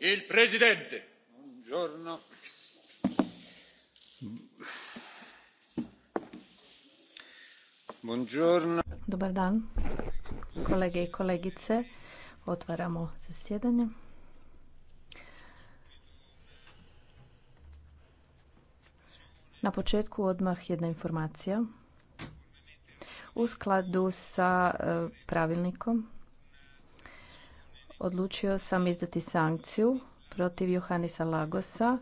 dobar dan kolege i kolegice otvaramo zasjedanje na početku odmah jedna informacija u skladu sa eh, pravilnikom odlučio sam izdati sankciju protiv Johanisa Lagosa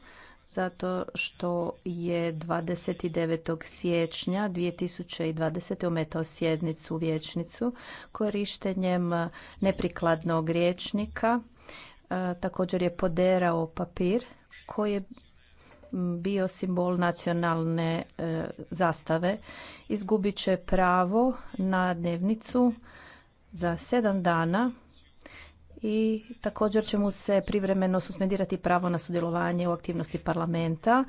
zato što je 29. siječnja 2020. ometao sjednicu u vječnicu korištenjem neprikladnog riječnika. E, također je poderao papir koji je bio simbol nacionalne e, zastave. Izgubit će pravo na dnevnicu za sedam dana i također će mu se privremeno suspendirati pravo na sudjelovanje u aktivnosti parlamenta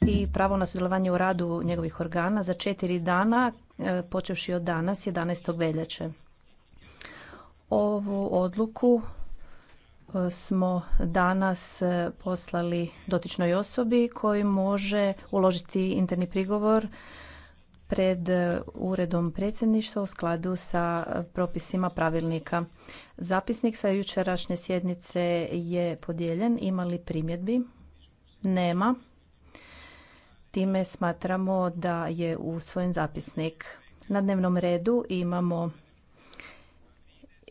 i pravo na sudjelovanje u radu njegovih organa za četiri dana, e, počevši od danas, 11. veljače. Ovu odluku e, smo danas e, poslali dotičnoj osobi koji može uložiti interni prigovor pred e, uredom predsjedništva u skladu sa e, propisima pravilnika. Zapisnik sa jučerašnje sjednice je podijeljen. Ima li primjedbi? Nema. Time smatramo da je usvojen zapisnik. Na dnevnom redu imamo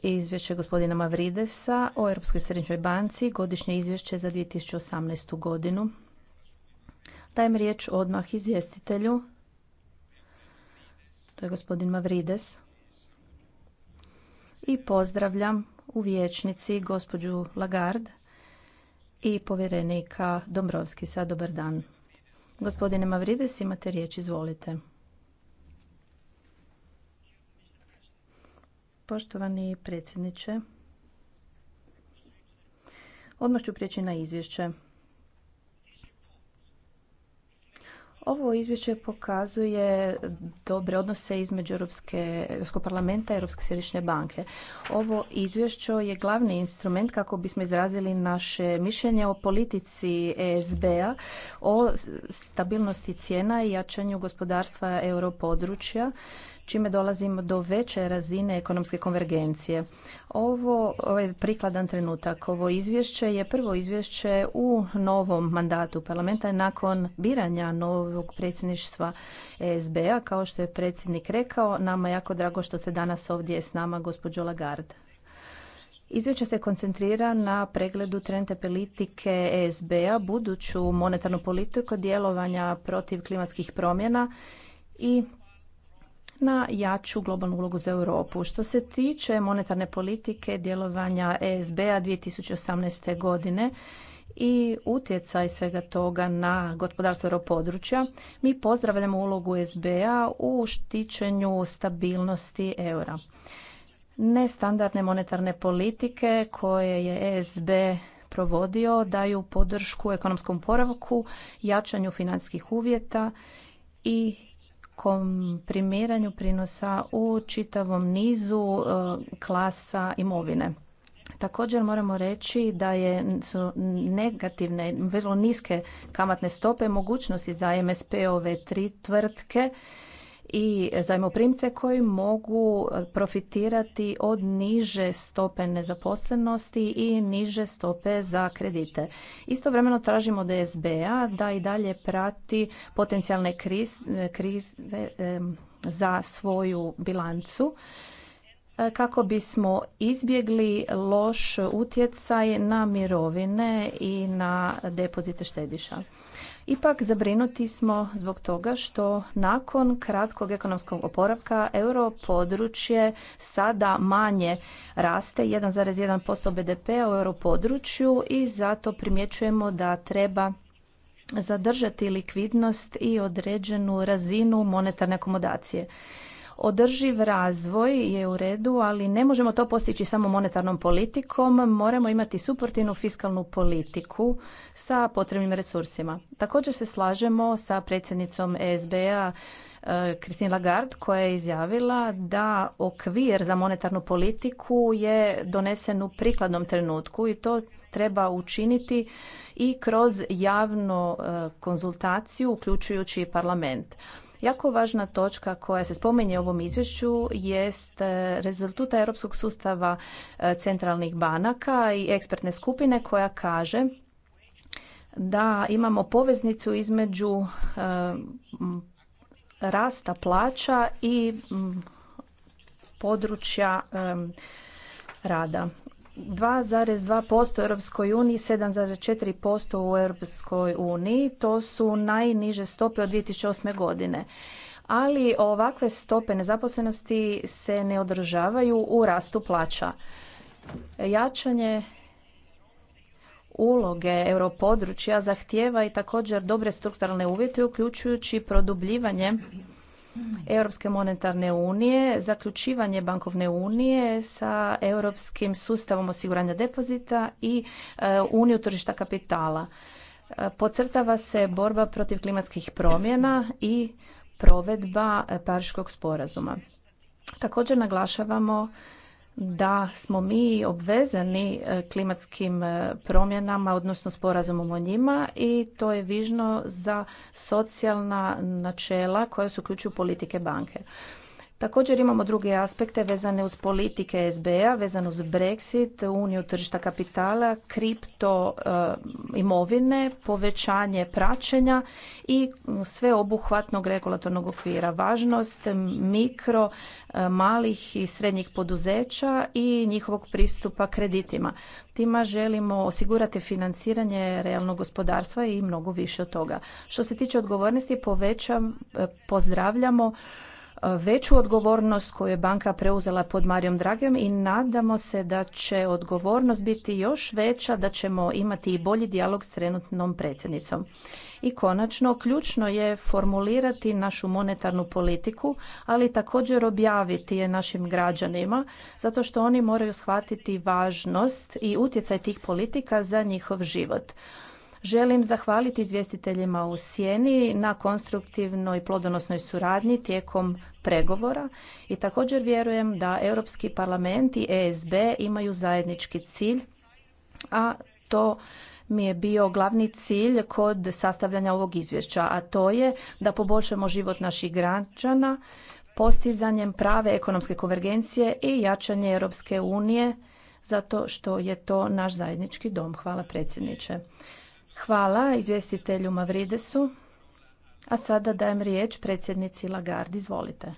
izvješće gospodina Mavridesa o Europskoj središnjoj banci, godišnje izvješće za 2018. godinu. Dajem riječ odmah izvjestitelju to je gospodin Mavrides. I pozdravljam u vijećnici gospođu Lagard i povjerenika Dombrovski. Sad dobar dan. Gospodine Mavrides, imate riječ, izvolite. Poštovani predsjedniče, odmah ću prijeći na izvješće. Ovo izvješće pokazuje dobre odnose između Europske, Europskog parlamenta i Europske središnje banke. Ovo izvješće je glavni instrument kako bismo izrazili naše mišljenje o politici ESB-a, o stabilnosti cijena i jačanju gospodarstva europodručja čime dolazimo do veće razine ekonomske konvergencije. Ovo, ovaj je prikladan trenutak. Ovo izvješće je prvo izvješće u novom mandatu parlamenta nakon biranja novog predsjedništva SBA. Kao što je predsjednik rekao, nama je jako drago što ste danas ovdje s nama gospođo Lagarde. Izvješće se koncentrira na pregledu trenda politike ESB-a, buduću monetarnu politiku djelovanja protiv klimatskih promjena i na jaču globalnu ulogu za Europu. Što se tiče monetarne politike djelovanja ESB-a 2018. godine i utjecaj svega toga na gospodarstvo europodručja, mi pozdravljamo ulogu e SBA u štićenju stabilnosti eura. Nestandardne monetarne politike koje je ESB provodio daju podršku ekonomskom poravku, jačanju financijskih uvjeta i komprimiranju prinosa u čitavom nizu e, klasa imovine. Također moramo reći da je, su negativne, vrlo niske kamatne stope mogućnosti za MSP-ove tri tvrtke i zajmoprimce koji mogu profitirati od niže stope nezaposlenosti i niže stope za kredite. Istovremeno tražimo od a da i dalje prati potencijalne krize, krize za svoju bilancu e, kako bismo izbjegli loš utjecaj na mirovine i na depozite štediša. Ipak zabrinuti smo zbog toga što nakon kratkog ekonomskog oporavka euro područje sada manje raste 1,1% BDP u euro području i zato primjećujemo da treba zadržati likvidnost i određenu razinu monetarne akomodacije. Održiv razvoj je u redu, ali ne možemo to postići samo monetarnom politikom, moramo imati suportivnu fiskalnu politiku sa potrebnim resursima. Također se slažemo sa predsjednicom ESB-a e, Christine Lagarde koja je izjavila da okvir za monetarnu politiku je donesen u prikladnom trenutku i to treba učiniti i kroz javnu e, konzultaciju uključujući parlament. Jako važna točka koja se spominje u ovom izvješću jest e, rezultata europskog sustava e, centralnih banaka i ekspertne skupine koja kaže da imamo poveznicu između e, rasta plaća i područja rada. 2,2% u Europskoj uniji, 7,4% u Europskoj uniji. To su najniže stope od 2008. godine. Ali ovakve stope nezaposlenosti se ne održavaju u rastu plaća. Jačanje uloge europodručja zahtijeva i također dobre strukturalne uvjete uključujući produbljivanje Europske monetarne unije, zaključivanje bankovne unije sa europskim sustavom osiguranja depozita i e, uniju tržišta kapitala. E, podcrtava se borba protiv klimatskih promjena i provedba Pariškog sporazuma. Također naglašavamo da smo mi obvezani e, klimatskim e, promjenama, odnosno sporazumom o njima i to je vižno za socijalna načela koja se uključuju politike banke. Također imamo druge aspekte vezane uz politike SBA, vezano uz Brexit, uniju tržišta kapitala, kripto eh, imovine, povećanje praćenja i sveobuhvatnog regulatornog okvira. Važnost mikro, eh, malih i srednjih poduzeća i njihovog pristupa kreditima. Tima želimo osigurati financiranje realnog gospodarstva i mnogo više od toga. Što se tiče odgovornosti, povećam, eh, pozdravljamo veću odgovornost koju je banka preuzela pod Marijom Dragijom i nadamo se da će odgovornost biti još veća, da ćemo imati i bolji dijalog s trenutnom predsjednicom. I konačno, ključno je formulirati našu monetarnu politiku, ali također objaviti je našim građanima, zato što oni moraju shvatiti važnost i utjecaj tih politika za njihov život. Želim zahvaliti izvjestiteljima u Sjeni na konstruktivnoj plodonosnoj suradnji tijekom pregovora i također vjerujem da Europski parlament i ESB imaju zajednički cilj, a to mi je bio glavni cilj kod sastavljanja ovog izvješća, a to je da poboljšamo život naših građana postizanjem prave ekonomske konvergencije i jačanje Europske unije zato što je to naš zajednički dom. Hvala predsjedniče. Hvala izvjestitelju Mavridesu. A sada dajem riječ predsjednici Lagarde. Izvolite.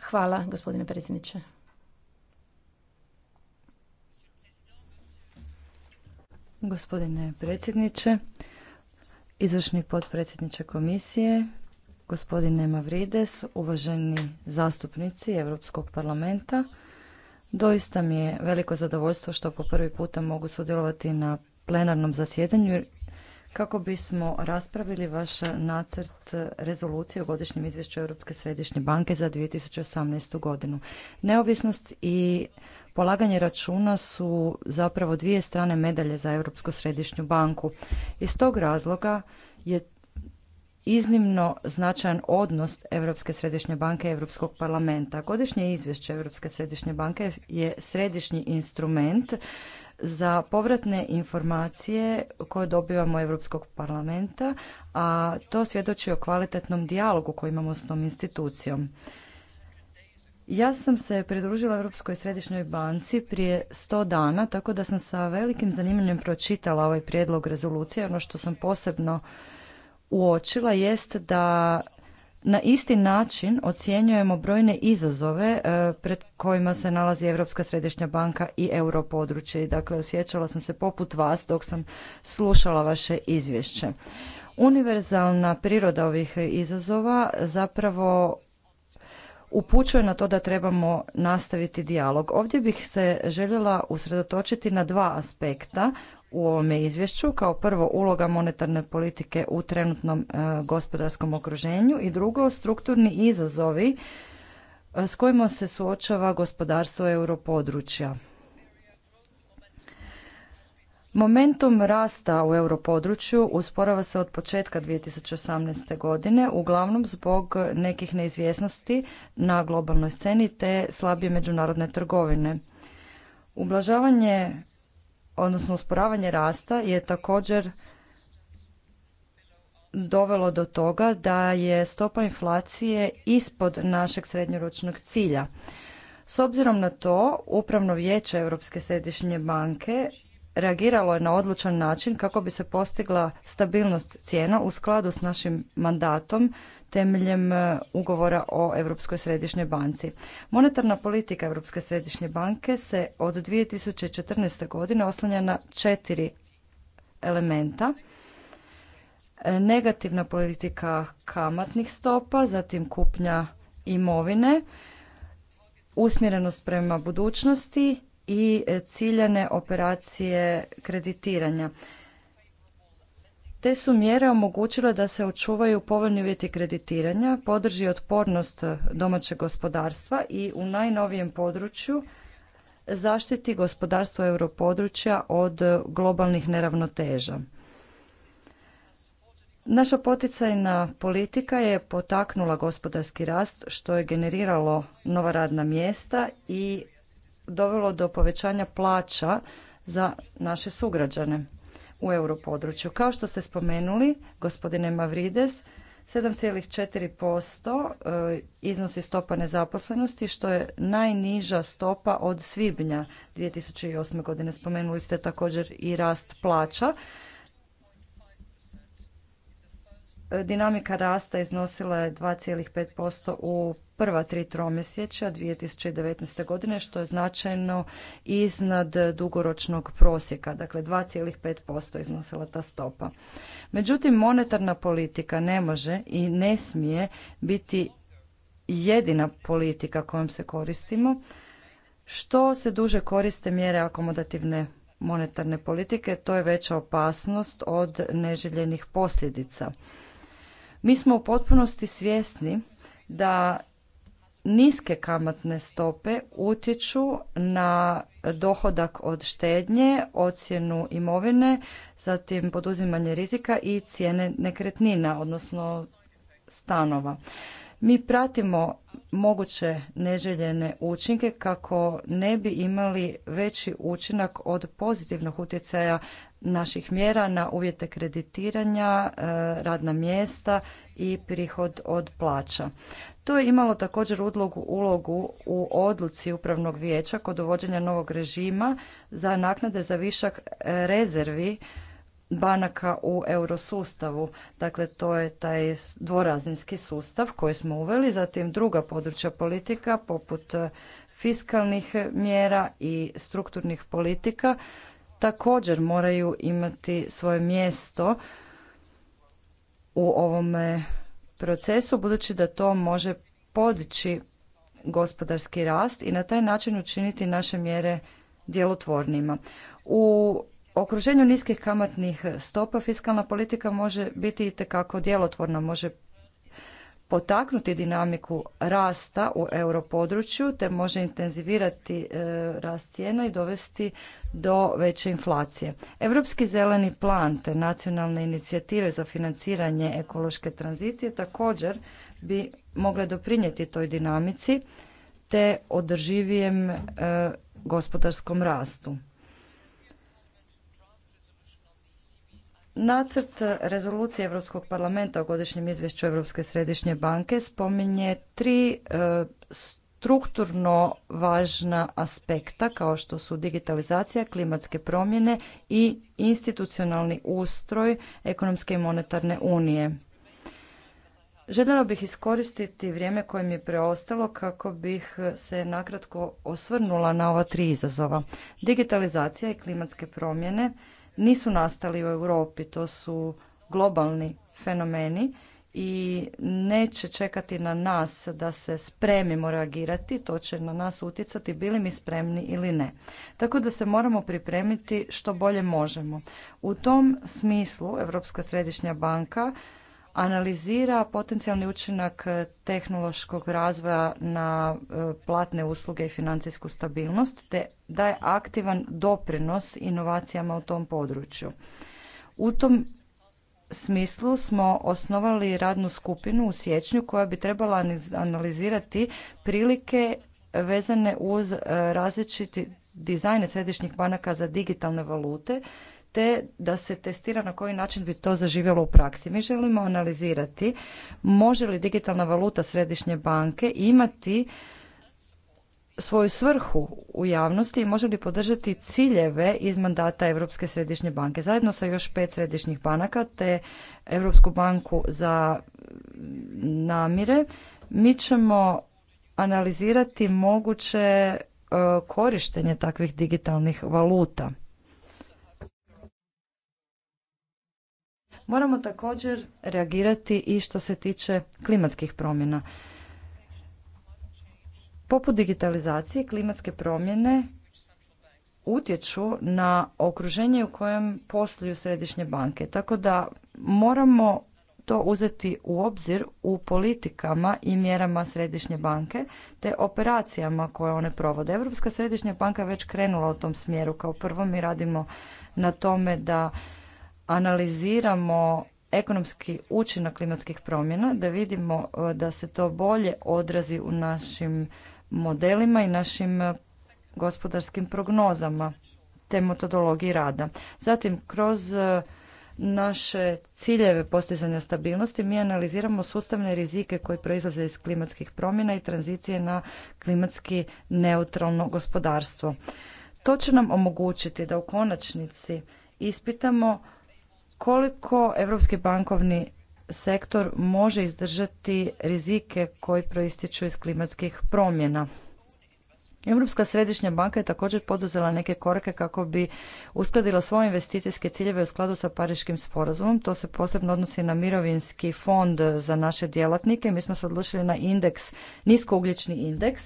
Hvala, gospodine predsjedniče. Gospodine predsjedniče, izvršni potpredsjedniče komisije, gospodine Mavrides, uvaženi zastupnici Europskog parlamenta, doista mi je veliko zadovoljstvo što po prvi puta mogu sudjelovati na plenarnom zasjedanju kako bismo raspravili vaš nacrt rezolucije o godišnjem izvješću Europske središnje banke za 2018. godinu. Neovisnost i polaganje računa su zapravo dvije strane medalje za Europsku središnju banku. Iz tog razloga je iznimno značajan odnos Europske središnje banke i Europskog parlamenta. Godišnje izvješće Europske središnje banke je središnji instrument za povratne informacije koje dobivamo Europskog parlamenta, a to svjedoči o kvalitetnom dijalogu koji imamo s tom institucijom. Ja sam se pridružila Europskoj središnjoj banci prije sto dana, tako da sam sa velikim zanimanjem pročitala ovaj prijedlog rezolucije. Ono što sam posebno uočila jest da na isti način ocjenjujemo brojne izazove e, pred kojima se nalazi Europska središnja banka i europodručje. Dakle, osjećala sam se poput vas dok sam slušala vaše izvješće. Univerzalna priroda ovih izazova zapravo upućuje na to da trebamo nastaviti dijalog. Ovdje bih se željela usredotočiti na dva aspekta u ovome izvješću. Kao prvo uloga monetarne politike u trenutnom e, gospodarskom okruženju i drugo strukturni izazovi e, s kojima se suočava gospodarstvo europodručja. Momentum rasta u europodručju usporava se od početka 2018. godine, uglavnom zbog nekih neizvjesnosti na globalnoj sceni te slabije međunarodne trgovine. Ublažavanje odnosno usporavanje rasta je također dovelo do toga da je stopa inflacije ispod našeg srednjoročnog cilja. S obzirom na to, Upravno vijeće Europske središnje banke reagiralo je na odlučan način kako bi se postigla stabilnost cijena u skladu s našim mandatom temeljem e, ugovora o Europskoj središnjoj banci. Monetarna politika Europske središnje banke se od 2014. godine oslanja na četiri elementa. E, negativna politika kamatnih stopa, zatim kupnja imovine, usmjerenost prema budućnosti i e, ciljane operacije kreditiranja. Te su mjere omogućile da se očuvaju povoljni uvjeti kreditiranja, podrži otpornost domaćeg gospodarstva i u najnovijem području zaštiti gospodarstvo europodručja od globalnih neravnoteža. Naša poticajna politika je potaknula gospodarski rast što je generiralo nova radna mjesta i dovelo do povećanja plaća za naše sugrađane u europodručju. Kao što ste spomenuli, gospodine Mavrides, 7,4% e, iznosi stopa nezaposlenosti, što je najniža stopa od svibnja 2008. godine. Spomenuli ste također i rast plaća. E, dinamika rasta iznosila je 2,5% u prva tri tromjesečja 2019. godine što je značajno iznad dugoročnog prosjeka, dakle 2,5% iznosila ta stopa. Međutim, monetarna politika ne može i ne smije biti jedina politika kojom se koristimo. Što se duže koriste mjere akomodativne monetarne politike, to je veća opasnost od neželjenih posljedica. Mi smo u potpunosti svjesni da niske kamatne stope utječu na dohodak od štednje, ocjenu imovine, zatim poduzimanje rizika i cijene nekretnina, odnosno stanova. Mi pratimo moguće neželjene učinke kako ne bi imali veći učinak od pozitivnog utjecaja naših mjera na uvjete kreditiranja, e, radna mjesta i prihod od plaća. To je imalo također ulogu u odluci upravnog vijeća kod uvođenja novog režima za naknade za višak rezervi banaka u eurosustavu. Dakle, to je taj dvorazinski sustav koji smo uveli. Zatim druga područja politika poput fiskalnih mjera i strukturnih politika također moraju imati svoje mjesto u ovome procesu, budući da to može podići gospodarski rast i na taj način učiniti naše mjere djelotvornima. U okruženju niskih kamatnih stopa fiskalna politika može biti itekako djelotvorna, može potaknuti dinamiku rasta u europodručju te može intenzivirati e, rast cijena i dovesti do veće inflacije. Europski zeleni plan te nacionalne inicijative za financiranje ekološke tranzicije također bi mogle doprinijeti toj dinamici te održivijem e, gospodarskom rastu. Nacrt rezolucije Europskog parlamenta o godišnjem izvješću Europske središnje banke spominje tri e, strukturno važna aspekta kao što su digitalizacija, klimatske promjene i institucionalni ustroj ekonomske i monetarne unije. Željela bih iskoristiti vrijeme koje mi je preostalo kako bih se nakratko osvrnula na ova tri izazova. Digitalizacija i klimatske promjene nisu nastali u Europi, to su globalni fenomeni i neće čekati na nas da se spremimo reagirati, to će na nas utjecati bili mi spremni ili ne. Tako da se moramo pripremiti što bolje možemo. U tom smislu Europska središnja banka analizira potencijalni učinak eh, tehnološkog razvoja na eh, platne usluge i financijsku stabilnost te daje aktivan doprinos inovacijama u tom području. U tom smislu smo osnovali radnu skupinu u siječnju koja bi trebala analizirati prilike vezane uz eh, različiti dizajne središnjih banaka za digitalne valute te da se testira na koji način bi to zaživjelo u praksi. Mi želimo analizirati može li digitalna valuta središnje banke imati svoju svrhu u javnosti i može li podržati ciljeve iz mandata Europske središnje banke. Zajedno sa još pet središnjih banaka te Europsku banku za namire mi ćemo analizirati moguće e, korištenje takvih digitalnih valuta. Moramo također reagirati i što se tiče klimatskih promjena. Poput digitalizacije, klimatske promjene utječu na okruženje u kojem posluju središnje banke. Tako da moramo to uzeti u obzir u politikama i mjerama središnje banke te operacijama koje one provode. Europska središnja banka je već krenula u tom smjeru. Kao prvo mi radimo na tome da analiziramo ekonomski učinak klimatskih promjena, da vidimo e, da se to bolje odrazi u našim modelima i našim e, gospodarskim prognozama te metodologiji rada. Zatim, kroz e, naše ciljeve postizanja stabilnosti mi analiziramo sustavne rizike koji proizlaze iz klimatskih promjena i tranzicije na klimatski neutralno gospodarstvo. To će nam omogućiti da u konačnici ispitamo koliko europski bankovni sektor može izdržati rizike koji proističu iz klimatskih promjena. Europska središnja banka je također poduzela neke korake kako bi uskladila svoje investicijske ciljeve u skladu sa Pariškim sporazumom. To se posebno odnosi na mirovinski fond za naše djelatnike. Mi smo se odlučili na indeks, niskougljični indeks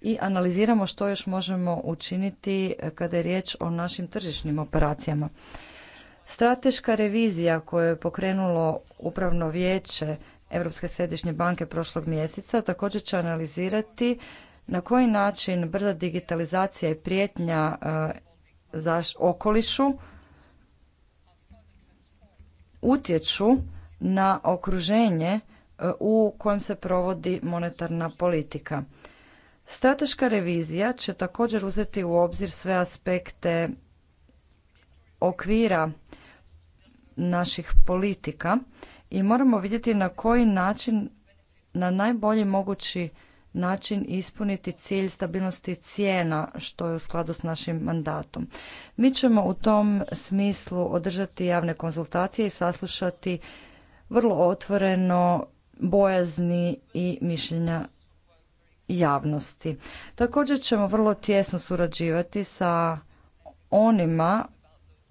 i analiziramo što još možemo učiniti kada je riječ o našim tržišnim operacijama. Strateška revizija koju je pokrenulo upravno vijeće Europske središnje banke prošlog mjeseca također će analizirati na koji način brza digitalizacija i prijetnja e, za okolišu utječu na okruženje e, u kojem se provodi monetarna politika. Strateška revizija će također uzeti u obzir sve aspekte okvira naših politika i moramo vidjeti na koji način, na najbolji mogući način ispuniti cilj stabilnosti cijena što je u skladu s našim mandatom. Mi ćemo u tom smislu održati javne konzultacije i saslušati vrlo otvoreno bojazni i mišljenja javnosti. Također ćemo vrlo tjesno surađivati sa onima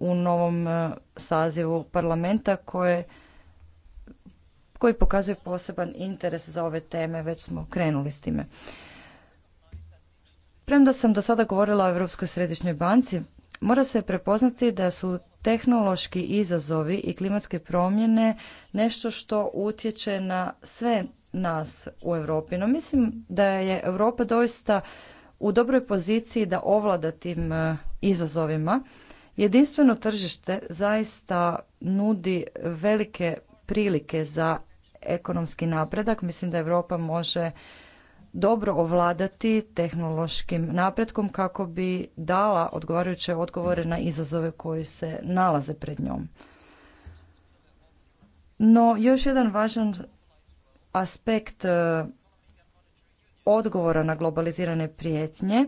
u novom e, sazivu parlamenta koje koji pokazuje poseban interes za ove teme, već smo krenuli s time. Premda sam do sada govorila o Europskoj središnjoj banci, mora se prepoznati da su tehnološki izazovi i klimatske promjene nešto što utječe na sve nas u Europi. No mislim da je Europa doista u dobroj poziciji da ovlada tim e, izazovima Jedinstveno tržište zaista nudi velike prilike za ekonomski napredak. Mislim da Europa može dobro ovladati tehnološkim napretkom kako bi dala odgovarajuće odgovore na izazove koji se nalaze pred njom. No, još jedan važan aspekt e, odgovora na globalizirane prijetnje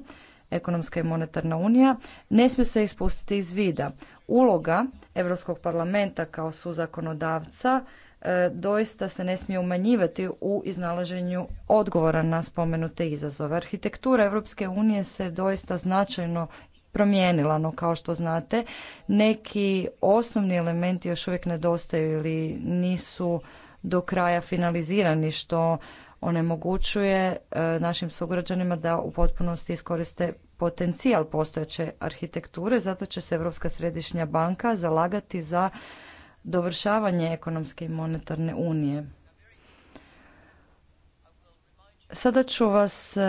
ekonomska i monetarna unija, ne smije se ispustiti iz vida. Uloga Europskog parlamenta kao suzakonodavca e, doista se ne smije umanjivati u iznalaženju odgovora na spomenute izazove. Arhitektura Europske unije se doista značajno promijenila, no kao što znate, neki osnovni elementi još uvijek nedostaju ili nisu do kraja finalizirani, što onemogućuje e, našim sugrađanima da u potpunosti iskoriste potencijal postojeće arhitekture, zato će se Europska središnja banka zalagati za dovršavanje ekonomske i monetarne unije. Sada ću vas e,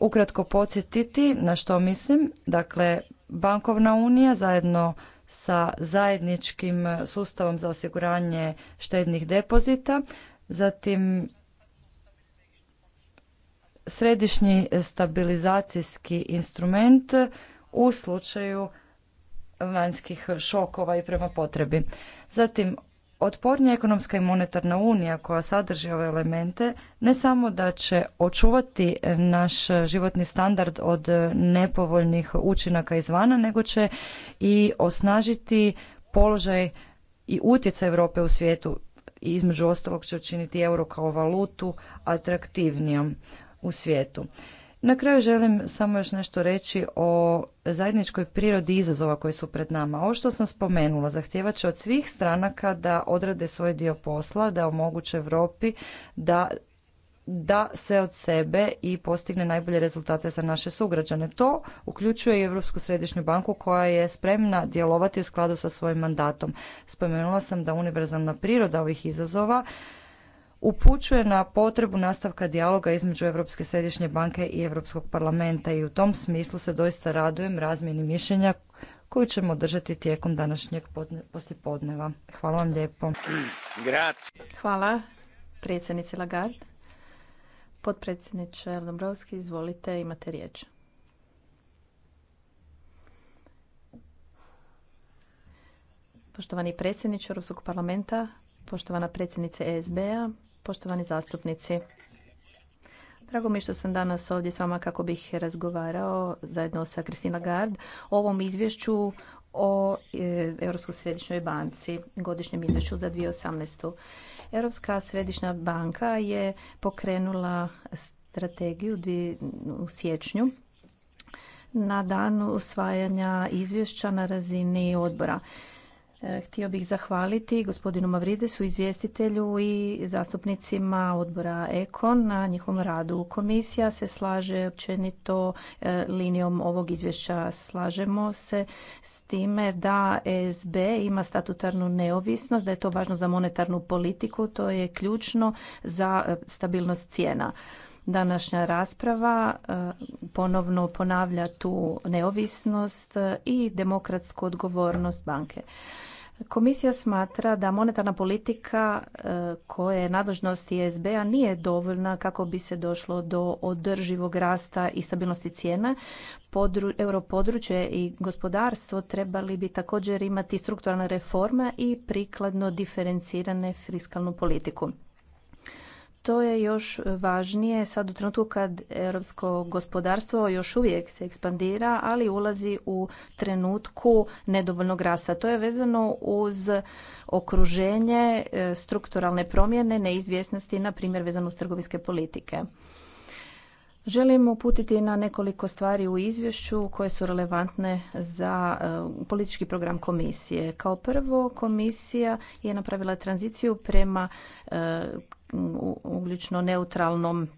ukratko podsjetiti na što mislim. Dakle, bankovna unija zajedno sa zajedničkim sustavom za osiguranje štednih depozita, zatim središnji stabilizacijski instrument u slučaju vanjskih šokova i prema potrebi. Zatim, otpornija ekonomska i monetarna unija koja sadrži ove elemente ne samo da će očuvati naš životni standard od nepovoljnih učinaka izvana, nego će i osnažiti položaj i utjecaj Europe u svijetu i između ostalog će učiniti euro kao valutu atraktivnijom u svijetu. Na kraju želim samo još nešto reći o zajedničkoj prirodi izazova koji su pred nama. Ovo što sam spomenula zahtjeva će od svih stranaka da odrade svoj dio posla, da omoguće Europi da da sve od sebe i postigne najbolje rezultate za naše sugrađane. To uključuje i Europsku središnju banku koja je spremna djelovati u skladu sa svojim mandatom. Spomenula sam da univerzalna priroda ovih izazova upućuje na potrebu nastavka dijaloga između Europske središnje banke i Europskog parlamenta i u tom smislu se doista radujem razmjeni mišljenja koju ćemo držati tijekom današnjeg poslijepodneva. Hvala vam lijepo. Hvala predsjednice Lagarde. Potpredsjedniče Dombrovski, izvolite, imate riječ. Poštovani predsjedniče Europskog parlamenta, poštovana predsjednice ESB-a, poštovani zastupnici. Drago mi što sam danas ovdje s vama kako bih razgovarao zajedno sa Kristina Gard o ovom izvješću o e, Europskoj središnjoj banci, godišnjem izvješću za 2018. Europska središnja banka je pokrenula strategiju u siječnju na dan usvajanja izvješća na razini odbora. E, htio bih zahvaliti gospodinu Mavridesu, izvjestitelju i zastupnicima odbora EKON na njihovom radu. Komisija se slaže općenito e, linijom ovog izvješća. Slažemo se s time da SB ima statutarnu neovisnost, da je to važno za monetarnu politiku, to je ključno za e, stabilnost cijena. Današnja rasprava e, ponovno ponavlja tu neovisnost i demokratsku odgovornost banke. Komisija smatra da monetarna politika e, koja je nadležnosti SBA nije dovoljna kako bi se došlo do održivog rasta i stabilnosti cijena. europodručje i gospodarstvo trebali bi također imati strukturalne reforme i prikladno diferencirane fiskalnu politiku to je još važnije sad u trenutku kad europsko gospodarstvo još uvijek se ekspandira, ali ulazi u trenutku nedovoljnog rasta. To je vezano uz okruženje, e, strukturalne promjene, neizvjesnosti, na primjer vezano uz trgovinske politike. Želim uputiti na nekoliko stvari u izvješću koje su relevantne za e, politički program komisije. Kao prvo, komisija je napravila tranziciju prema e, ugljučno neutralnom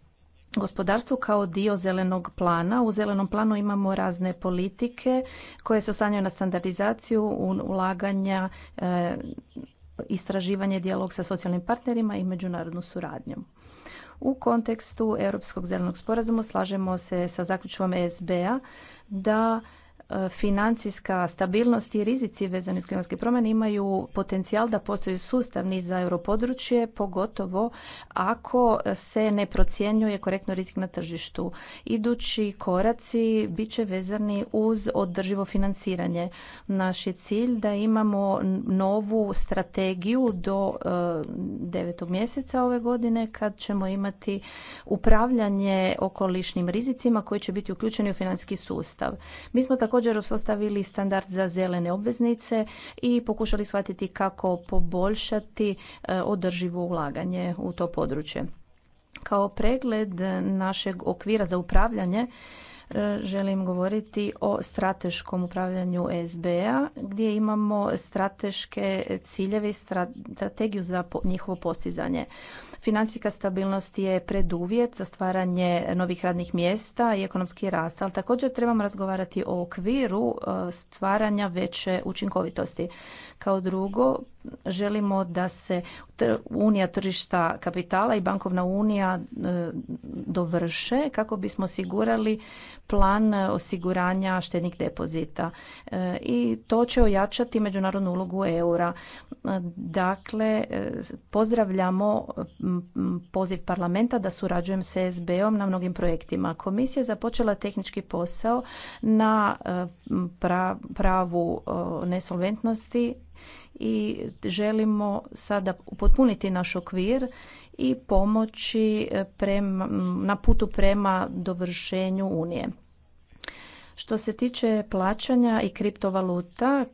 gospodarstvu kao dio zelenog plana. U zelenom planu imamo razne politike koje se osanjaju na standardizaciju, ulaganja, e, istraživanje, dijalog sa socijalnim partnerima i međunarodnu suradnju. U kontekstu Europskog zelenog sporazuma slažemo se sa zaključkom sb a da E, financijska stabilnost i rizici vezani uz klimatske promjene imaju potencijal da postaju sustavni za europodručje, pogotovo ako se ne procjenjuje korektno rizik na tržištu. Idući koraci bit će vezani uz održivo financiranje. Naš je cilj da imamo novu strategiju do e, devetog mjeseca ove godine kad ćemo imati upravljanje okolišnim rizicima koji će biti uključeni u financijski sustav. Mi smo tako također uspostavili standard za zelene obveznice i pokušali shvatiti kako poboljšati e, održivo ulaganje u to područje. Kao pregled našeg okvira za upravljanje E, želim govoriti o strateškom upravljanju SBA gdje imamo strateške ciljeve i strategiju za njihovo postizanje. Financijska stabilnost je preduvjet za stvaranje novih radnih mjesta i ekonomski rast, ali također trebamo razgovarati o okviru e, stvaranja veće učinkovitosti. Kao drugo, želimo da se unija tržišta kapitala i bankovna unija e, dovrše kako bismo osigurali plan e, osiguranja štednih depozita e, i to će ojačati međunarodnu ulogu eura. Dakle, pozdravljamo poziv parlamenta da surađujem s SB-om na mnogim projektima. Komisija je započela tehnički posao na pravu nesolventnosti i želimo sada upotpuniti naš okvir i pomoći e, prema, na putu prema dovršenju Unije. Što se tiče plaćanja i kriptovaluta,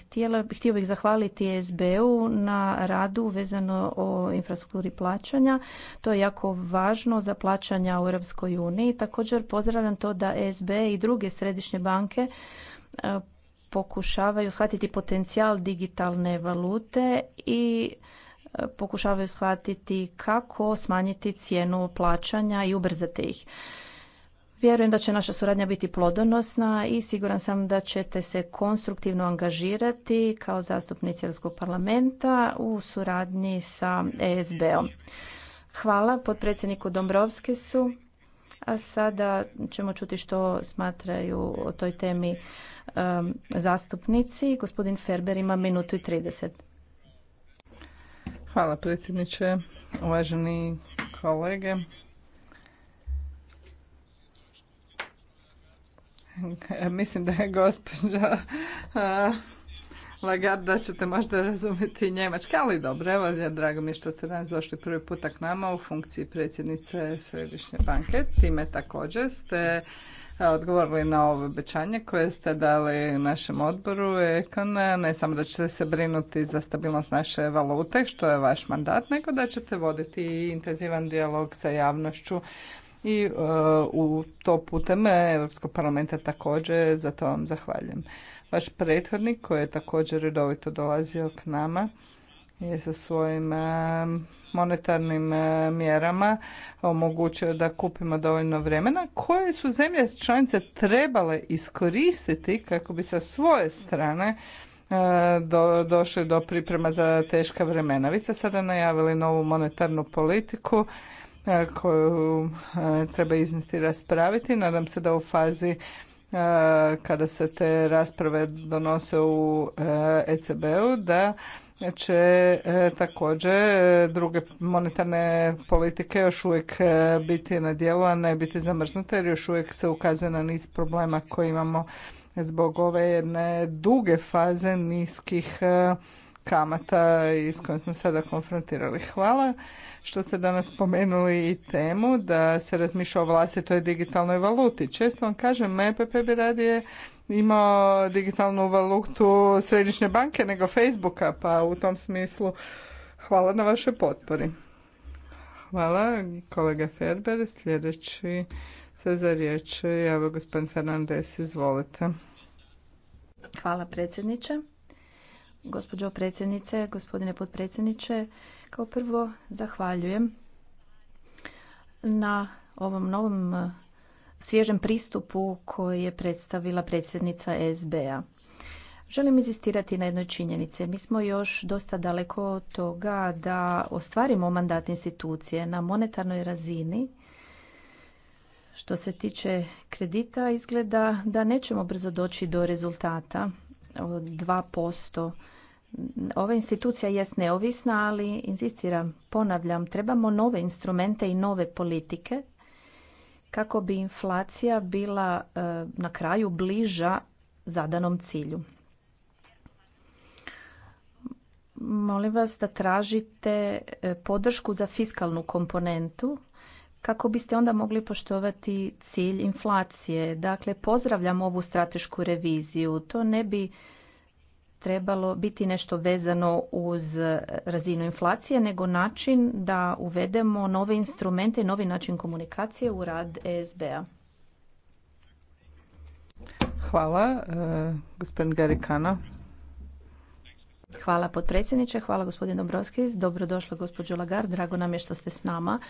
htjela, htio bih zahvaliti sbu u na radu vezano o infrastrukturi plaćanja. To je jako važno za plaćanja u Europskoj uniji. Također pozdravljam to da SB i druge središnje banke e, pokušavaju shvatiti potencijal digitalne valute i e, pokušavaju shvatiti kako smanjiti cijenu plaćanja i ubrzati ih. Vjerujem da će naša suradnja biti plodonosna i siguran sam da ćete se konstruktivno angažirati kao zastupnici Europskog parlamenta u suradnji sa ESB-om. Hvala potpredsjedniku Dombrovskisu a sada ćemo čuti što smatraju o toj temi um, zastupnici. Gospodin Ferber ima minutu i 30. Hvala predsjedniče, uvaženi kolege. Mislim da je gospođa Lagarde, da ćete možda razumjeti njemački, ali dobro, evo, drago mi je što ste danas došli prvi puta k nama u funkciji predsjednice Središnje banke. Time također ste odgovorili na ovo obećanje koje ste dali našem odboru Ekon, ne samo da ćete se brinuti za stabilnost naše valute, što je vaš mandat, nego da ćete voditi i intenzivan dijalog sa javnošću i e, u to putem Europskog parlamenta također, za to vam zahvaljujem. Vaš prethodnik koji je također redovito dolazio k nama je sa svojim e, monetarnim e, mjerama omogućio da kupimo dovoljno vremena koje su zemlje članice trebale iskoristiti kako bi sa svoje strane e, do, došli do priprema za teška vremena. Vi ste sada najavili novu monetarnu politiku koju treba iznesti i raspraviti. Nadam se da u fazi E, kada se te rasprave donose u ECB-u e da će e, također druge monetarne politike još uvijek biti na djelu, a ne biti zamrznute jer još uvijek se ukazuje na niz problema koje imamo zbog ove jedne duge faze niskih kamata i s kojim smo sada konfrontirali. Hvala što ste danas spomenuli i temu da se razmišlja o vlastitoj digitalnoj valuti. Često vam kažem, bi radije imao digitalnu valutu središnje banke nego Facebooka, pa u tom smislu hvala na vašoj potpori. Hvala, kolega Ferber. Sljedeći se za riječ javio gospodin Fernandez. Izvolite. Hvala predsjedniče. Gospođo predsjednice, gospodine potpredsjedniče, kao prvo zahvaljujem na ovom novom e, svježem pristupu koji je predstavila predsjednica SB-a. Želim inzistirati na jednoj činjenici. Mi smo još dosta daleko od toga da ostvarimo mandat institucije na monetarnoj razini. Što se tiče kredita, izgleda da nećemo brzo doći do rezultata 2%. Ova institucija jest neovisna, ali inzistiram, ponavljam, trebamo nove instrumente i nove politike kako bi inflacija bila e, na kraju bliža zadanom cilju. Molim vas da tražite e, podršku za fiskalnu komponentu kako biste onda mogli poštovati cilj inflacije. Dakle, pozdravljam ovu stratešku reviziju. To ne bi trebalo biti nešto vezano uz razinu inflacije, nego način da uvedemo nove instrumente i novi način komunikacije u rad ESB-a. Hvala, e, gospodin Garikana. Hvala potpredsjedniče, hvala gospodin Dobrovskis, dobrodošla gospođo Lagard, drago nam je što ste s nama.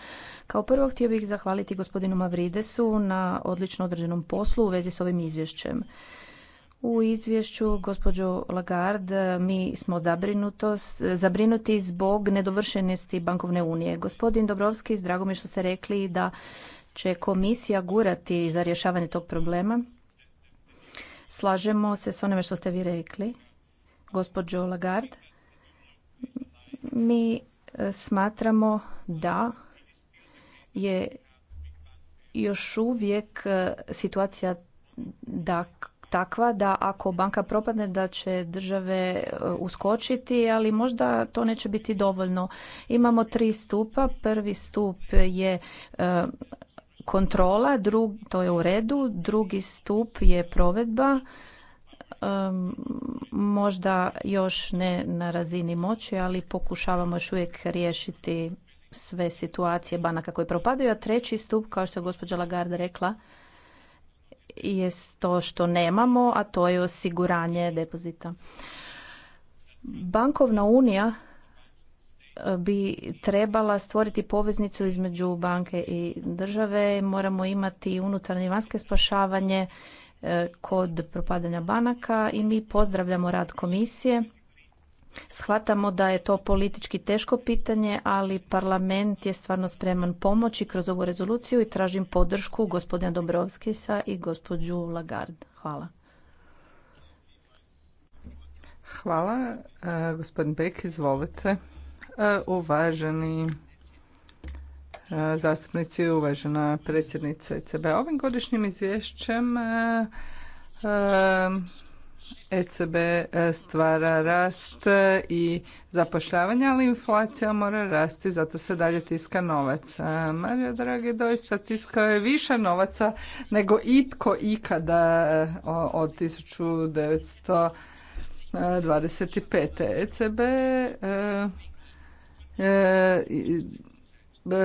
Kao prvo htio bih zahvaliti gospodinu Mavridesu na odlično određenom poslu u vezi s ovim izvješćem. U izvješću gospođo Lagard, mi smo zabrinuti zbog nedovršenosti bankovne unije. Gospodin Dobrovski, drago mi je što ste rekli da će komisija gurati za rješavanje tog problema. Slažemo se s onime što ste vi rekli gospođo Lagarde. Mi e, smatramo da je još uvijek e, situacija da takva da ako banka propadne da će države e, uskočiti, ali možda to neće biti dovoljno. Imamo tri stupa. Prvi stup je kontrola, to je u redu. Drugi stup je provedba možda još ne na razini moći, ali pokušavamo još uvijek riješiti sve situacije banaka koje propadaju, a treći stup, kao što je gospođa Lagarde rekla, je to što nemamo, a to je osiguranje depozita. Bankovna unija e, bi trebala stvoriti poveznicu između banke i države. Moramo imati unutarnje i vanjske spašavanje E, kod propadanja banaka i mi pozdravljamo rad komisije. Shvatamo da je to politički teško pitanje, ali parlament je stvarno spreman pomoći kroz ovu rezoluciju i tražim podršku gospodina Dobrovskisa i gospođu Lagarde. Hvala. Hvala. E, gospodin Bek, izvolite. E, uvaženi E, zastupnici, uvažena predsjednice ECB. Ovim godišnjim izvješćem e, e, ECB stvara rast i zapošljavanje, ali inflacija mora rasti, zato se dalje tiska novac. Mario Dragi doista tiskao je više novaca nego itko ikada od 1925. ECB E,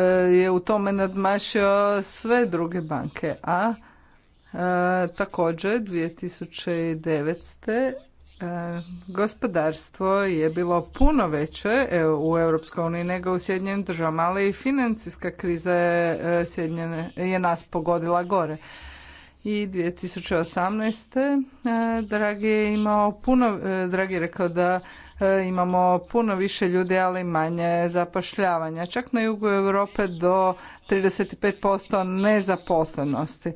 je u tome nadmašio sve druge banke, a e, također 2009. E, gospodarstvo je bilo puno veće e, u Europskoj uniji nego u Sjedinjenim državama, ali i financijska kriza je, e, je nas pogodila gore i 2018. E, dragi je imao puno, e, Dragi je rekao da e, imamo puno više ljudi, ali manje zapošljavanja. Čak na jugu Europe do 35% nezaposlenosti.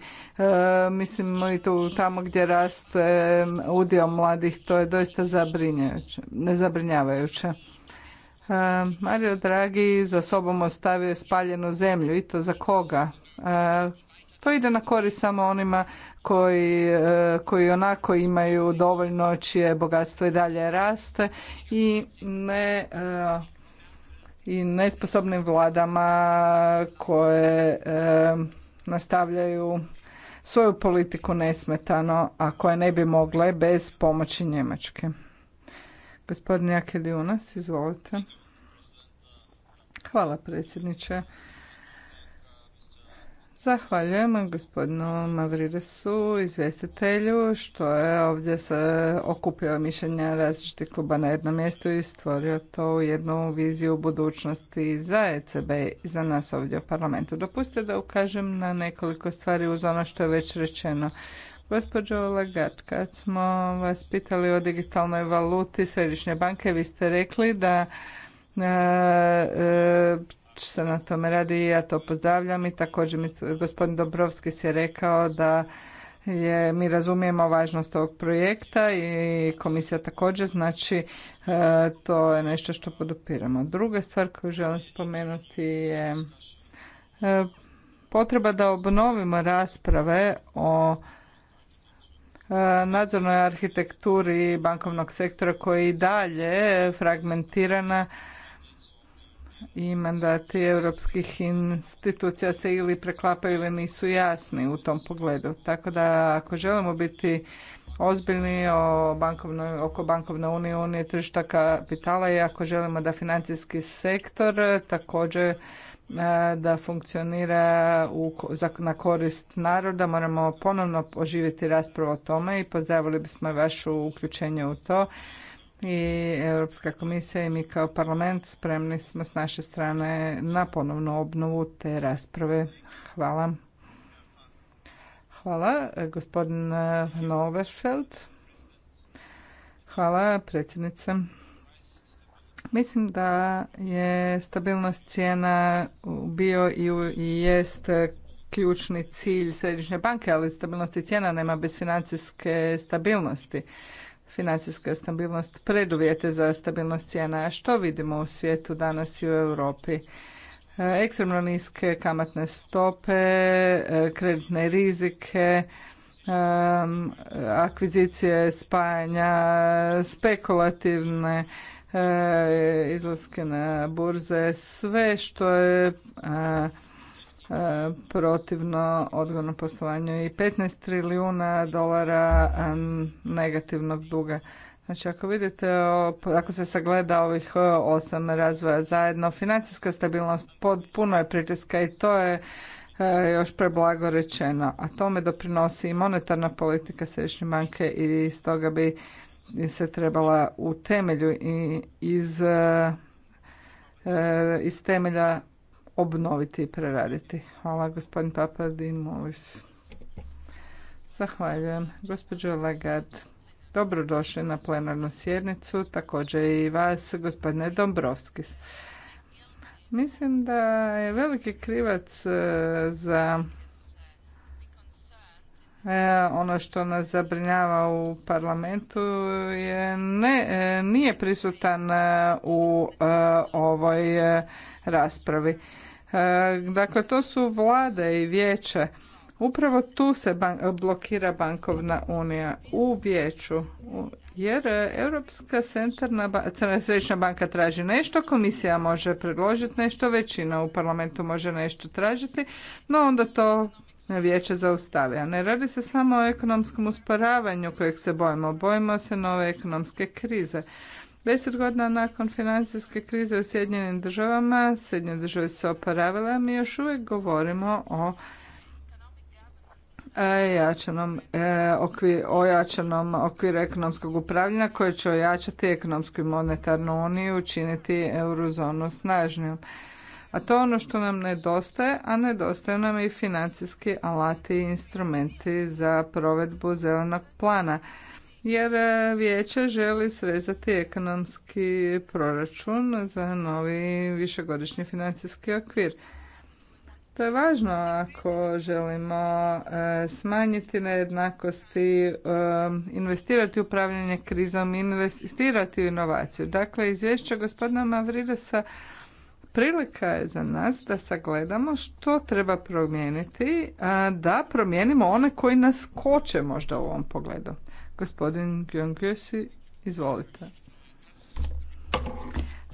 Mislim i tu tamo gdje raste udio mladih, to je doista nezabrinjavajuće. zabrinjavajuće. Mario Dragi za sobom ostavio spaljenu zemlju i to za koga? To ide na korist samo onima koji, e, koji onako imaju dovoljno čije bogatstvo i dalje raste i ne e, i nesposobnim vladama koje e, nastavljaju svoju politiku nesmetano, a koje ne bi mogle bez pomoći Njemačke. Gospodin Jakeliunas, izvolite. Hvala predsjedniče. Zahvaljujem gospodinu Mavridesu, izvjestitelju, što je ovdje se okupio mišljenja različitih kluba na jednom mjestu i stvorio to u jednu viziju budućnosti za ECB i za nas ovdje u parlamentu. Dopustite da ukažem na nekoliko stvari uz ono što je već rečeno. Gospođo Lagarde, kad smo vas pitali o digitalnoj valuti Središnje banke, vi ste rekli da e, e, se na tome radi i ja to pozdravljam i također gospodin Dobrovski je rekao da je, mi razumijemo važnost ovog projekta i komisija također, znači e, to je nešto što podupiramo. Druga stvar koju želim spomenuti je e, potreba da obnovimo rasprave o e, nadzornoj arhitekturi bankovnog sektora koja je i dalje fragmentirana i mandati europskih institucija se ili preklapaju ili nisu jasni u tom pogledu. Tako da ako želimo biti ozbiljni o bankovnoj, oko bankovne unije, unije tržišta kapitala i ako želimo da financijski sektor također e, da funkcionira za, na korist naroda. Moramo ponovno oživjeti raspravu o tome i pozdravili bismo vašu uključenje u to i Europska komisija i mi kao parlament spremni smo s naše strane na ponovnu obnovu te rasprave. Hvala. Hvala, gospodin Noverfeld. Hvala, predsjednice. Mislim da je stabilnost cijena bio i jest ključni cilj središnje banke, ali stabilnosti cijena nema bez financijske stabilnosti financijska stabilnost preduvjete za stabilnost cijena. A što vidimo u svijetu danas i u Europi? E, ekstremno niske kamatne stope, e, kreditne rizike, e, akvizicije spajanja, spekulativne izlaske na burze, sve što je protivno odgovornom poslovanju i 15 trilijuna dolara negativnog duga. Znači ako vidite, ako se sagleda ovih osam razvoja zajedno, financijska stabilnost pod puno je pritiska i to je e, još preblago rečeno, a tome doprinosi i monetarna politika središnje banke i stoga bi se trebala u temelju i iz, e, e, iz temelja obnoviti i preraditi. Hvala gospodin Papadimulis. Zahvaljujem. Gospođo Lagarde, dobrodošli na plenarnu sjednicu, također i vas, gospodine Dombrovskis. Mislim da je veliki krivac eh, za E, ono što nas zabrinjava u parlamentu je ne, e, nije prisutan e, u ovoj raspravi. Dakle, to su vlade i vijeće. Upravo tu se blokira bankovna unija u vijeću, jer Europska centralna ba središnja banka traži nešto, komisija može predložiti nešto, većina u parlamentu može nešto tražiti, no onda to vijeće zaustave. A ne radi se samo o ekonomskom usporavanju kojeg se bojimo. Bojimo se nove ekonomske krize. Deset godina nakon financijske krize u Sjedinjenim državama, Sjedinjene države su oporavile, mi još uvijek govorimo o e, jačanom, e, okvir, okviru ekonomskog upravljanja koje će ojačati ekonomsku i monetarnu uniju i učiniti eurozonu snažnijom. A to je ono što nam nedostaje, a nedostaju nam i financijski alati i instrumenti za provedbu zelenog plana. Jer e, vijeće želi srezati ekonomski proračun za novi višegodišnji financijski okvir. To je važno ako želimo e, smanjiti nejednakosti, e, investirati u upravljanje krizom, investirati u inovaciju. Dakle, izvješće gospodina Mavridesa prilika je za nas da sagledamo što treba promijeniti, da promijenimo one koji nas koče možda u ovom pogledu. Gospodin Gjongjusi, izvolite.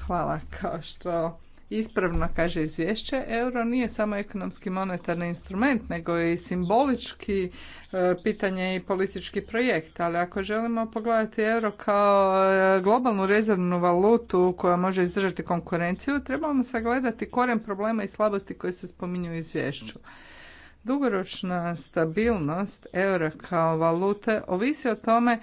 Hvala. Kao što Ispravno kaže izvješće, euro nije samo ekonomski monetarni instrument, nego je i simbolički e, pitanje i politički projekt. Ali ako želimo pogledati euro kao e, globalnu rezervnu valutu koja može izdržati konkurenciju, trebamo sagledati koren problema i slabosti koje se spominju u izvješću. Dugoročna stabilnost eura kao valute ovisi o tome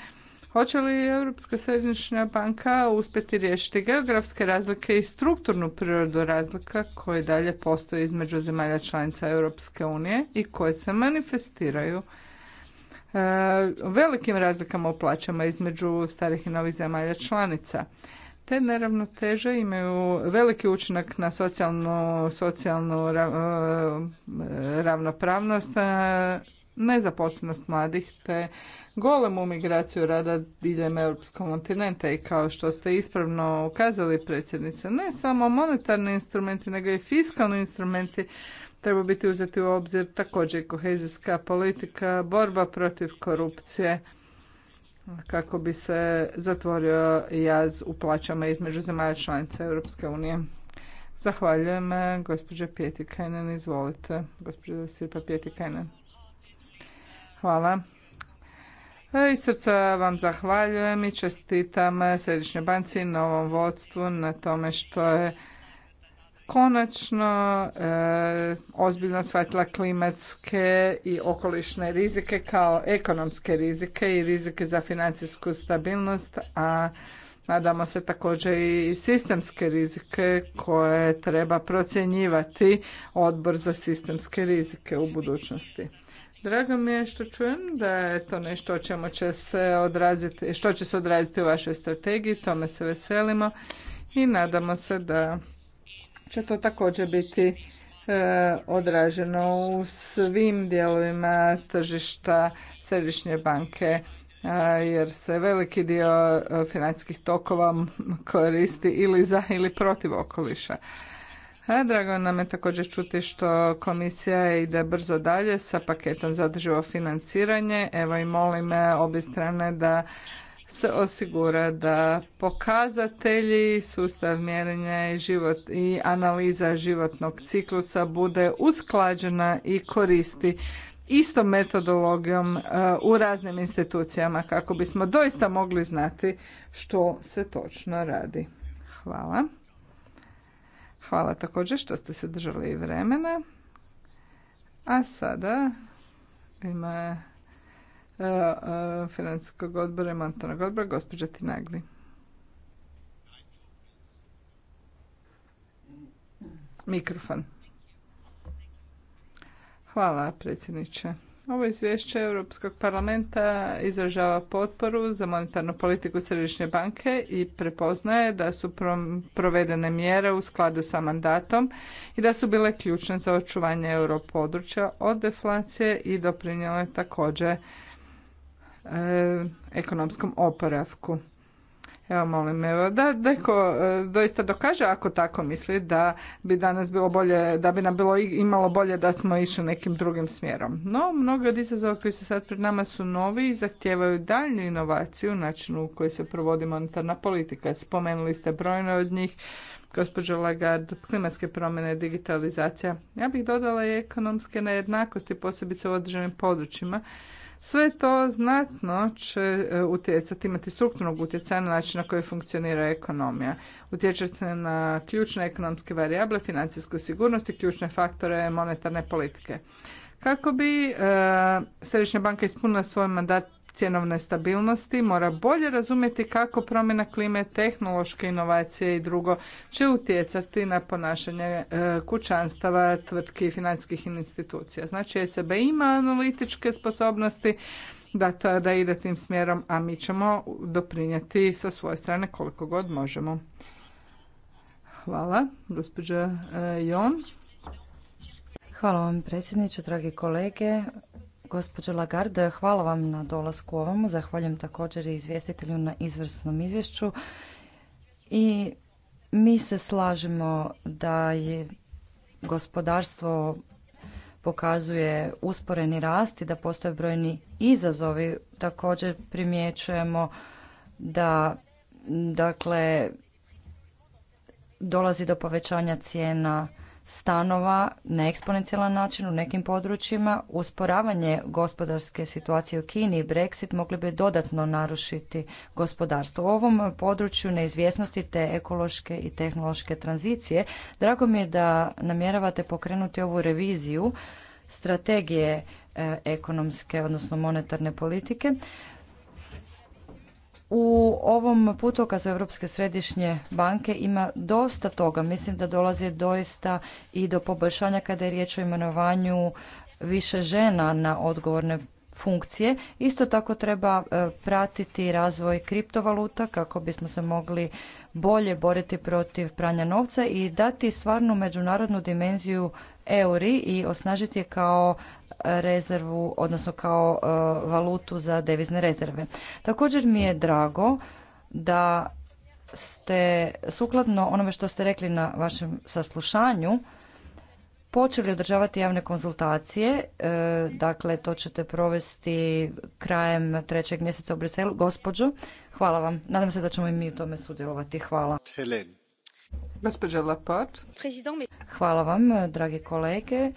Hoće li Europska središnja banka uspjeti riješiti geografske razlike i strukturnu prirodu razlika koje dalje postoje između zemalja članica Europske unije i koje se manifestiraju eh, velikim razlikama u plaćama između starih i novih zemalja članica. Te neravnoteže imaju veliki učinak na socijalnu, socijalnu eh, ravnopravnost, eh, nezaposlenost mladih te golemu migraciju rada diljem europskog kontinenta i kao što ste ispravno ukazali predsjednice, ne samo monetarni instrumenti, nego i fiskalni instrumenti treba biti uzeti u obzir također i kohezijska politika, borba protiv korupcije kako bi se zatvorio jaz u plaćama između zemalja članica Europske unije. Zahvaljujem, eh, gospođa Pjetikajnen, izvolite, gospođa Sirpa Kajnen. Hvala. E, I srca vam zahvaljujem i čestitam Središnjoj banci i novom vodstvu na tome što je konačno e, ozbiljno shvatila klimatske i okolišne rizike kao ekonomske rizike i rizike za financijsku stabilnost, a nadamo se također i sistemske rizike koje treba procjenjivati odbor za sistemske rizike u budućnosti. Drago mi je što čujem da je to nešto o čemu će se odraziti, što će se odraziti u vašoj strategiji, tome se veselimo i nadamo se da će to također biti e, odraženo u svim dijelovima tržišta središnje banke e, jer se veliki dio e, financijskih tokova koristi ili za ili protiv okoliša. E, drago nam je također čuti što komisija ide brzo dalje sa paketom za održivo financiranje. Evo i molim e, obje strane da se osigura da pokazatelji, sustav mjerenja i, život, i analiza životnog ciklusa bude usklađena i koristi istom metodologijom e, u raznim institucijama kako bismo doista mogli znati što se točno radi. Hvala. Hvala također što ste se držali vremena. A sada ima Finanskog e, e, financijskog odbora i monetarnog odbora gospođa Tinagli. Mikrofon. Hvala predsjedniče. Ovo izvješće Europskog parlamenta izražava potporu za monetarnu politiku Središnje banke i prepoznaje da su provedene mjere u skladu sa mandatom i da su bile ključne za očuvanje europodručja od deflacije i doprinjele također e, ekonomskom oporavku. Evo, molim, evo, da neko e, doista dokaže ako tako misli da bi danas bilo bolje, da bi nam bilo imalo bolje da smo išli nekim drugim smjerom. No, mnogi od izazova koji su sad pred nama su novi i zahtijevaju daljnju inovaciju u načinu u kojoj se provodi monetarna politika. Spomenuli ste brojne od njih, gospođo Lagarde, klimatske promjene, digitalizacija. Ja bih dodala i ekonomske nejednakosti, posebice u određenim područjima sve to znatno će e, utjecati, imati strukturnog utjecaja na način na koji funkcionira ekonomija. Utječe se na ključne ekonomske varijable, financijsku sigurnost i ključne faktore monetarne politike. Kako bi e, Središnja banka ispunila svoj mandat cjenovne stabilnosti mora bolje razumjeti kako promjena klime, tehnološke inovacije i drugo će utjecati na ponašanje e, kućanstava, tvrtki i financijskih institucija. Znači ECB ima analitičke sposobnosti da, da ide tim smjerom, a mi ćemo doprinijeti sa svoje strane koliko god možemo. Hvala, gospođa e, Jon. Hvala vam predsjedniče, dragi kolege. Gospođo Lagarde, hvala vam na dolasku ovomu. Zahvaljujem također i izvjestitelju na izvrsnom izvješću. I mi se slažemo da je gospodarstvo pokazuje usporeni rast i da postoje brojni izazovi. Također primjećujemo da dakle dolazi do povećanja cijena stanova na eksponencijalan način u nekim područjima, usporavanje gospodarske situacije u Kini i Brexit mogli bi dodatno narušiti gospodarstvo. U ovom području neizvjesnosti te ekološke i tehnološke tranzicije, drago mi je da namjeravate pokrenuti ovu reviziju strategije e, ekonomske, odnosno monetarne politike. U ovom putokazu Europske središnje banke ima dosta toga. Mislim da dolazi doista i do poboljšanja kada je riječ o imenovanju više žena na odgovorne funkcije. Isto tako treba e, pratiti razvoj kriptovaluta kako bismo se mogli bolje boriti protiv pranja novca i dati stvarnu međunarodnu dimenziju euri i osnažiti je kao rezervu, odnosno kao e, valutu za devizne rezerve. Također mi je drago da ste sukladno onome što ste rekli na vašem saslušanju počeli održavati javne konzultacije, e, dakle to ćete provesti krajem trećeg mjeseca u Briselu. Gospođo, hvala vam. Nadam se da ćemo i mi u tome sudjelovati. Hvala. Hvala vam, dragi kolege.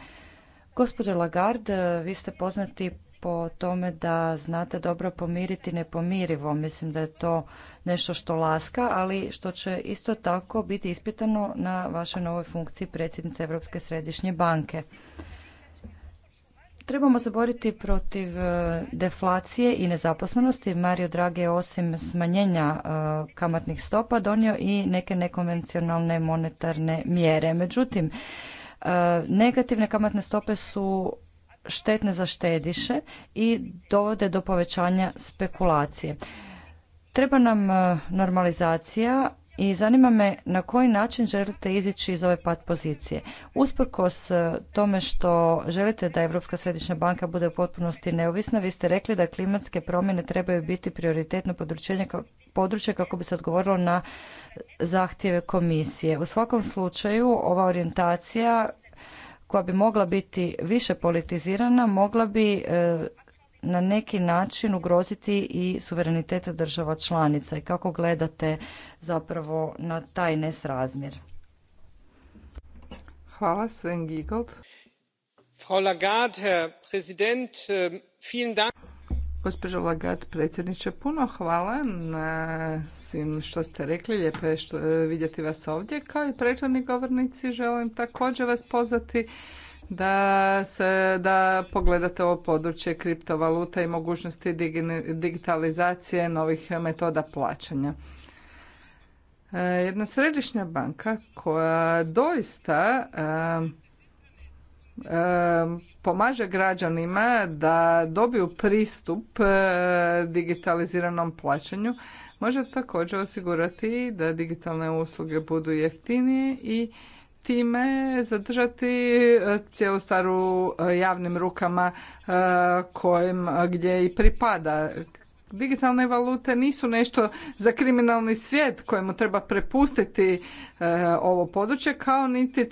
Gospođo Lagarde, vi ste poznati po tome da znate dobro pomiriti nepomirivo. Mislim da je to nešto što laska, ali što će isto tako biti ispitano na vašoj novoj funkciji predsjednice Europske središnje banke. Trebamo se boriti protiv e, deflacije i nezaposlenosti. Mario drage je osim smanjenja e, kamatnih stopa donio i neke nekonvencionalne monetarne mjere. Međutim, E, negativne kamatne stope su štetne za štediše i dovode do povećanja spekulacije. Treba nam e, normalizacija i zanima me na koji način želite izići iz ove pat pozicije. Usprkos e, tome što želite da Europska središnja banka bude u potpunosti neovisna, vi ste rekli da klimatske promjene trebaju biti prioritetno područje kako bi se odgovorilo na zahtjeve komisije. U svakom slučaju ova orijentacija koja bi mogla biti više politizirana mogla bi e, na neki način ugroziti i suverenitet država članica i kako gledate zapravo na taj nesrazmjer? Hvala, Sven Giegold. Frau Lagarde, Herr Präsident, äh, vielen Dank. Gospođo Lagarde, predsjedniče, puno hvala na svim što ste rekli. Lijepo je što, e, vidjeti vas ovdje. Kao i prethodni govornici želim također vas pozvati da, se, da pogledate ovo područje kriptovaluta i mogućnosti digitalizacije novih metoda plaćanja. E, jedna središnja banka koja doista e, e, pomaže građanima da dobiju pristup digitaliziranom plaćanju, može također osigurati da digitalne usluge budu jeftinije i time zadržati e, cijelu staru e, javnim rukama e, kojim gdje i pripada. Digitalne valute nisu nešto za kriminalni svijet kojemu treba prepustiti ovo područje kao niti,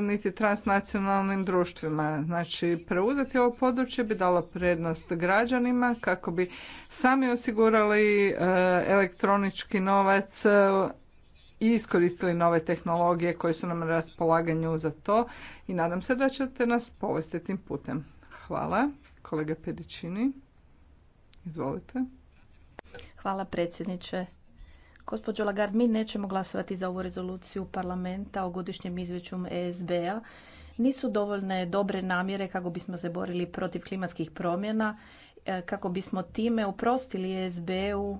niti transnacionalnim društvima. Znači preuzeti ovo područje bi dalo prednost građanima kako bi sami osigurali elektronički novac i iskoristili nove tehnologije koje su nam na raspolaganju za to i nadam se da ćete nas povesti tim putem. Hvala. Kolega Pedičini, izvolite. Hvala predsjedniče. Gospođo Lagarde, mi nećemo glasovati za ovu rezoluciju parlamenta o godišnjem izvješću ESB-a. Nisu dovoljne dobre namjere kako bismo se borili protiv klimatskih promjena, e, kako bismo time uprostili ESB-u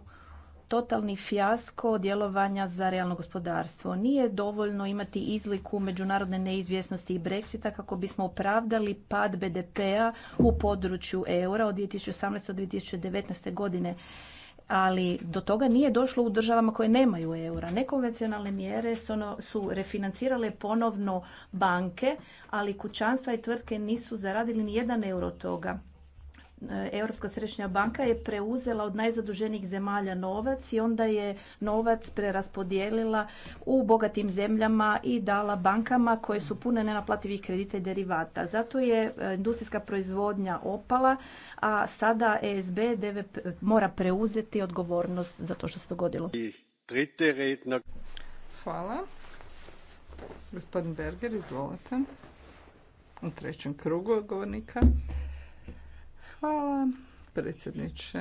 totalni fijasko djelovanja za realno gospodarstvo. Nije dovoljno imati izliku međunarodne neizvjesnosti i Brexita kako bismo opravdali pad BDP-a u području eura od 2018. do 2019. godine ali do toga nije došlo u državama koje nemaju eura. Nekonvencionalne mjere su ono, refinancirale ponovno banke, ali kućanstva i tvrtke nisu zaradili ni jedan euro toga. Europska središnja banka je preuzela od najzaduženijih zemalja novac i onda je novac preraspodijelila u bogatim zemljama i dala bankama koje su pune nenaplativih kredita i derivata. Zato je e, industrijska proizvodnja opala, a sada ESB mora preuzeti odgovornost za to što se dogodilo. Hvala. Gospodin Berger, izvolite. U trećem krugu govornika. Hvala predsjedniče.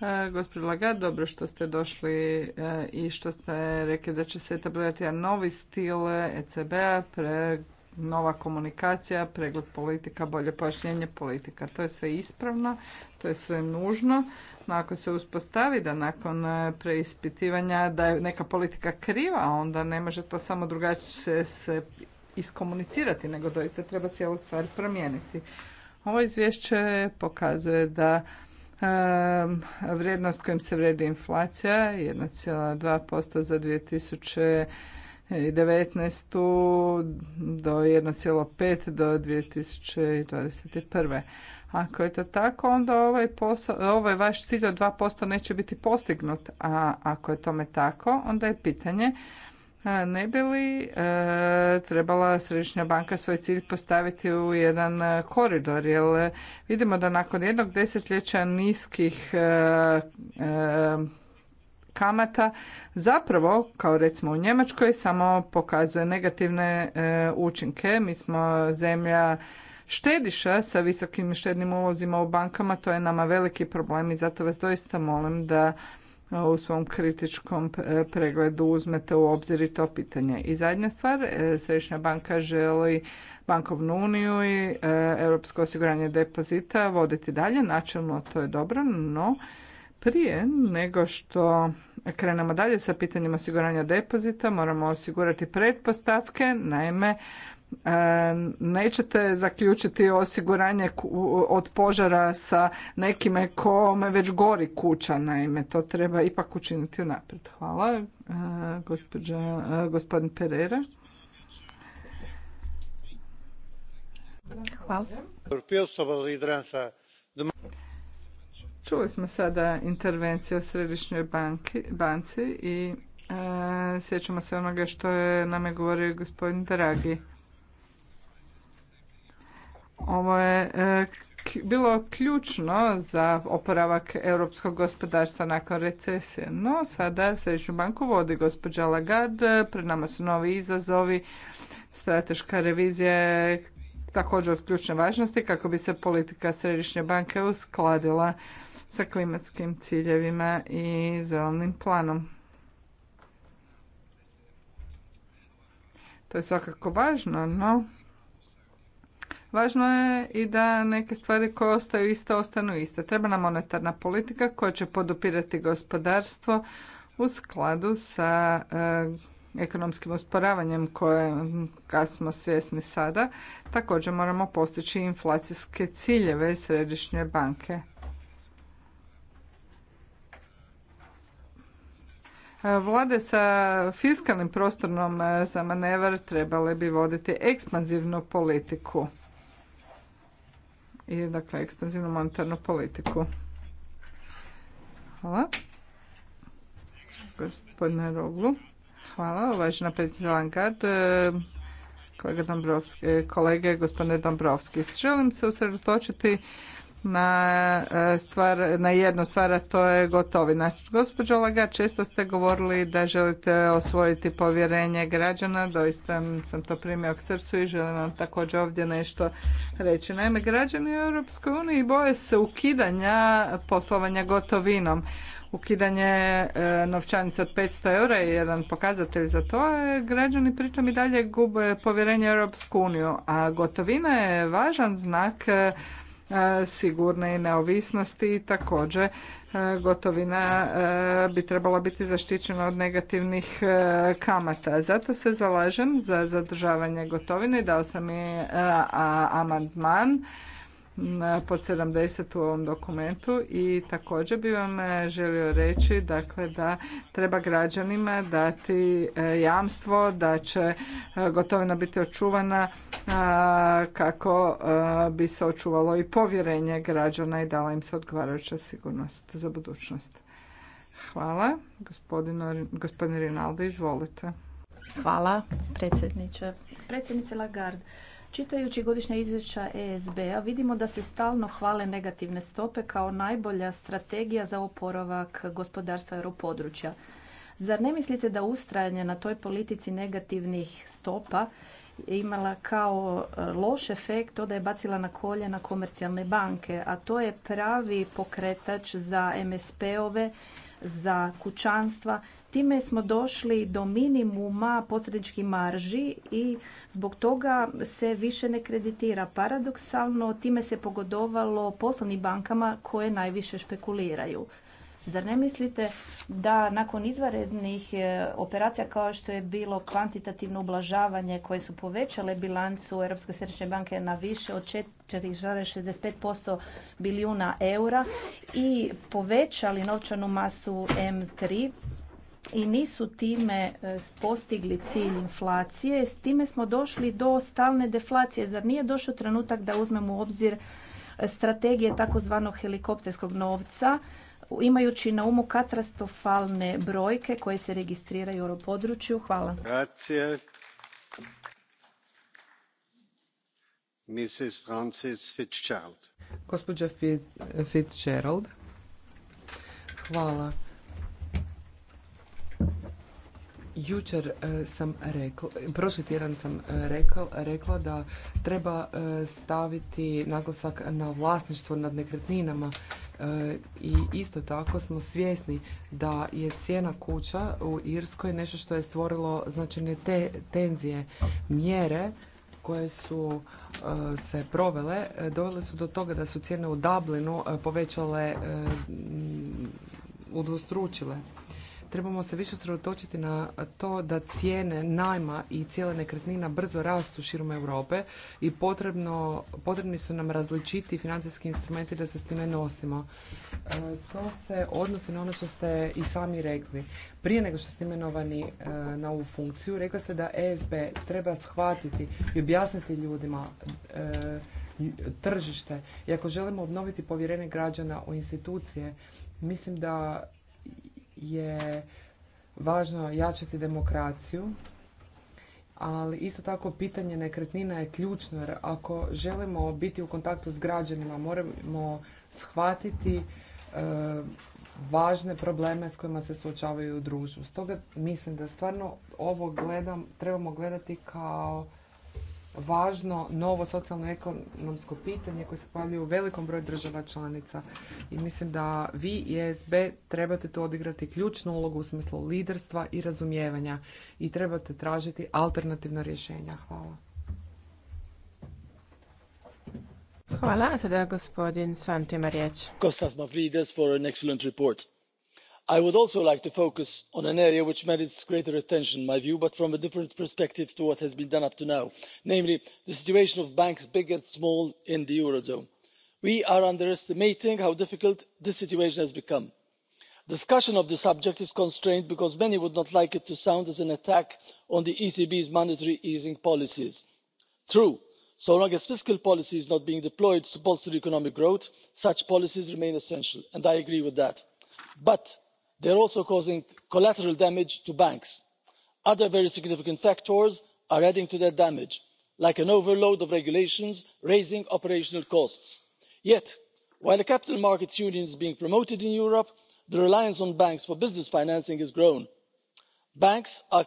E, Gospodin Lagarde, dobro što ste došli e, i što ste rekli da će se etablirati jedan novi stil ECB-a, e nova komunikacija, pregled politika, bolje pojašnjenje politika. To je sve ispravno, to je sve nužno. No ako se uspostavi da nakon preispitivanja da je neka politika kriva, onda ne može to samo drugačije se iskomunicirati, nego doista treba cijelu stvar promijeniti. Ovo izvješće pokazuje da vrijednost kojim se vredi inflacija 1,2% za 2019. do 1,5 do 2021. Ako je to tako, onda ovaj, posao, ovaj vaš cilj od 2% neće biti postignut, a ako je tome tako, onda je pitanje ne bi li e, trebala Središnja banka svoj cilj postaviti u jedan e, koridor? Jer vidimo da nakon jednog desetljeća niskih e, kamata zapravo, kao recimo u Njemačkoj, samo pokazuje negativne učinke. Mi smo zemlja štediša sa visokim štednim ulozima u bankama, to je nama veliki problem i zato vas doista molim da u svom kritičkom e, pregledu uzmete u obzir i to pitanje. I zadnja stvar, e, Središnja banka želi bankovnu uniju i e, europsko osiguranje depozita voditi dalje. Načelno to je dobro, no prije nego što krenemo dalje sa pitanjem osiguranja depozita moramo osigurati pretpostavke, naime E, nećete zaključiti osiguranje od požara sa nekime kome već gori kuća, naime, to treba ipak učiniti unaprijed. Hvala, e, gospođa, e, gospodin Pereira. Hvala. Čuli smo sada intervenciju o Središnjoj banci i sjećamo se onoga što je nam je govorio gospodin Dragi ovo je e, bilo ključno za oporavak europskog gospodarstva nakon recesije. No, sada Središnju banku vodi gospođa Lagarde, pred nama su novi izazovi, strateška revizija je također od ključne važnosti kako bi se politika Središnje banke uskladila sa klimatskim ciljevima i zelenim planom. To je svakako važno, no Važno je i da neke stvari koje ostaju iste, ostanu iste. Treba nam monetarna politika koja će podupirati gospodarstvo u skladu sa e, ekonomskim usporavanjem koje smo svjesni sada. Također moramo postići inflacijske ciljeve središnje banke. E, vlade sa fiskalnim prostornom e, za manevar trebale bi voditi ekspanzivnu politiku i dakle ekspanzivnu monetarnu politiku. Hvala. Gospodine Roglu. Hvala. Uvažena predsjednica e, kolega Dombrovski, e, kolege gospodine Dombrovski. Želim se usredotočiti na, e, stvar, na jednu stvar, a to je gotovina. Gospođo Laga, često ste govorili da želite osvojiti povjerenje građana, doista sam to primio k srcu i želim vam također ovdje nešto reći. Naime, građani u Europskoj uniji boje se ukidanja poslovanja gotovinom. Ukidanje e, novčanica od 500 eura je jedan pokazatelj za to. Građani pritom i dalje gube povjerenje u Europsku uniju, a gotovina je važan znak e, sigurne i neovisnosti i također gotovina bi trebala biti zaštićena od negativnih kamata. Zato se zalažem za zadržavanje gotovine. Dao sam i amandman pod 70 u ovom dokumentu i također bi vam e, želio reći dakle da treba građanima dati e, jamstvo da će e, gotovina biti očuvana kako bi se očuvalo i povjerenje građana i dala im se odgovarajuća sigurnost za budućnost. Hvala. gospodine gospodin Rinaldi, izvolite. Hvala, predsjedniče. Predsjednice Lagarde, Čitajući godišnja izvješća ESB-a vidimo da se stalno hvale negativne stope kao najbolja strategija za oporavak gospodarstva europodručja. Zar ne mislite da ustrajanje na toj politici negativnih stopa imala kao e, loš efekt to da je bacila na kolje na komercijalne banke, a to je pravi pokretač za MSP-ove, za kućanstva Time smo došli do minimuma posredničkih marži i zbog toga se više ne kreditira. Paradoksalno, time se pogodovalo poslovnim bankama koje najviše špekuliraju. Zar ne mislite da nakon izvanrednih e, operacija kao što je bilo kvantitativno ublažavanje koje su povećale bilancu Europske središnje banke na više od 4,65% bilijuna eura i povećali novčanu masu M3, i nisu time e, postigli cilj inflacije. S time smo došli do stalne deflacije. Zar nije došao trenutak da uzmemo u obzir e, strategije takozvanog helikopterskog novca, imajući na umu katastrofalne brojke koje se registriraju u području. Hvala. Grazie. Mrs. Hvala Jučer e, sam rekla, prošli tjedan sam e, rekla, da treba e, staviti naglasak na vlasništvo nad nekretninama i isto tako smo svjesni da je cijena kuća u Irskoj nešto što je stvorilo značajne te, tenzije mjere koje su se provele dovele su do toga da su cijene u Dublinu povećale udvostručile. Trebamo se više usredotočiti na to da cijene najma i cijela nekretnina brzo rastu širom Europe i potrebno, potrebni su nam različiti financijski instrumenti da se s time nosimo. E, to se odnosi na ono što ste i sami rekli. Prije nego što ste imenovani e, na ovu funkciju, rekli ste da ESB treba shvatiti i objasniti ljudima e, tržište i ako želimo obnoviti povjerenje građana u institucije, mislim da je važno jačati demokraciju, ali isto tako pitanje nekretnina je ključno jer ako želimo biti u kontaktu s građanima moramo shvatiti e, važne probleme s kojima se suočavaju u društvu. Stoga mislim da stvarno ovo gledam, trebamo gledati kao važno novo socijalno-ekonomsko pitanje koje se pojavljuje u velikom broju država članica. I mislim da vi i ESB trebate tu odigrati ključnu ulogu u smislu liderstva i razumijevanja i trebate tražiti alternativna rješenja. Hvala. Hvala. sada gospodin Marijeć. Kostas for an excellent report i would also like to focus on an area which merits greater attention in my view but from a different perspective to what has been done up to now namely the situation of banks big and small in the eurozone. we are underestimating how difficult this situation has become. discussion of the subject is constrained because many would not like it to sound as an attack on the ecb's monetary easing policies. true so long as fiscal policy is not being deployed to bolster economic growth such policies remain essential and i agree with that. but they are also causing collateral damage to banks. other very significant factors are adding to that damage like an overload of regulations raising operational costs. yet while the capital markets union is being promoted in europe the reliance on banks for business financing has grown. banks are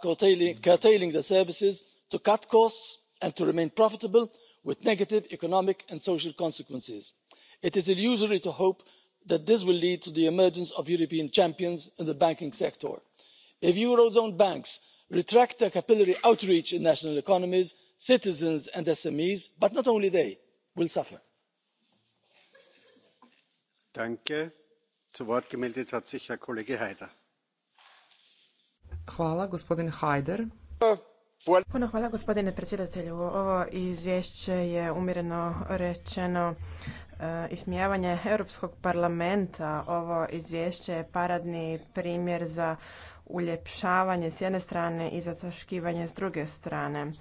curtailing their services to cut costs and to remain profitable with negative economic and social consequences. it is illusory to hope that this will lead to the emergence of european champions in the banking sector. if eurozone banks retract their capillary outreach in national economies citizens and smes but not only they will suffer hvala gospodine predsjedatelju. Ovo izvješće je umjereno rečeno e, ismijavanje Europskog parlamenta. Ovo izvješće je paradni primjer za uljepšavanje s jedne strane i zataškivanje s druge strane.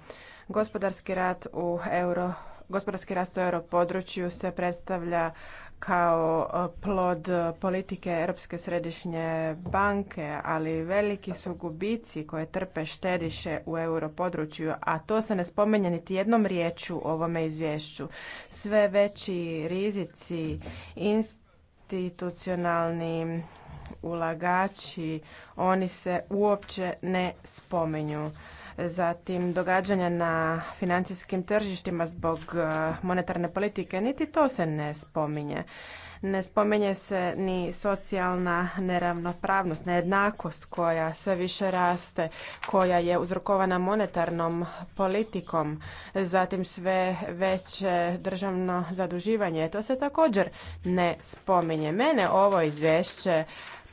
Gospodarski rat u euro gospodarski rast u europodručju se predstavlja kao e, plod politike Europske središnje banke, ali veliki su gubici koje trpe štediše u europodručju, a to se ne spominje niti jednom riječu u ovome izvješću. Sve veći rizici institucionalni ulagači, oni se uopće ne spomenju zatim događanja na financijskim tržištima zbog e, monetarne politike, niti to se ne spominje. Ne spominje se ni socijalna neravnopravnost, nejednakost koja sve više raste, koja je uzrokovana monetarnom politikom, zatim sve veće državno zaduživanje. To se također ne spominje. Mene ovo izvješće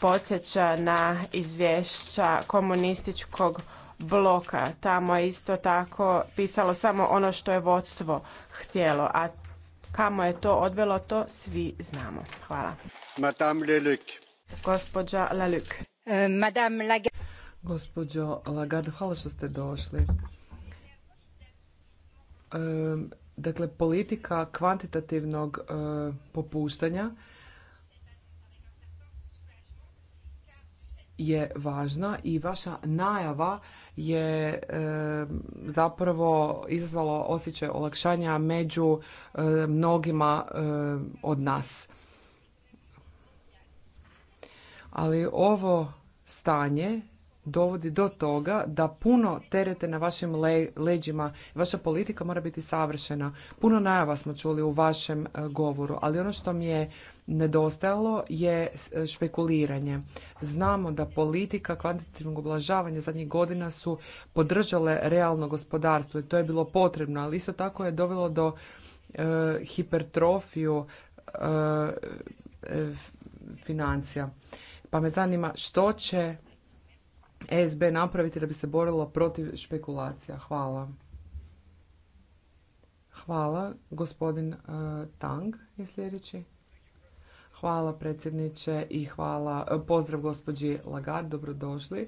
podsjeća na izvješća komunističkog bloka. Tamo je isto tako pisalo samo ono što je vodstvo htjelo, a kamo je to odvelo, to svi znamo. Hvala. Madame Leluc. Leluc. E, Madame Lagarde. Gospođo Lagarde, hvala što ste došli. E, dakle, politika kvantitativnog e, popuštanja je važna i vaša najava je e, zapravo izazvalo osjećaj olakšanja među e, mnogima e, od nas. Ali ovo stanje dovodi do toga da puno terete na vašim leđima. Vaša politika mora biti savršena. Puno najava smo čuli u vašem govoru, ali ono što mi je nedostajalo je e, špekuliranje. Znamo da politika kvantitativnog oblažavanja zadnjih godina su podržale realno gospodarstvo i to je bilo potrebno, ali isto tako je dovelo do e, hipertrofiju e, financija. Pa me zanima što će ESB napraviti da bi se borila protiv špekulacija. Hvala. Hvala. Gospodin Tang je sljedeći. Hvala predsjedniče i hvala, pozdrav gospođi Lagarde, dobrodošli.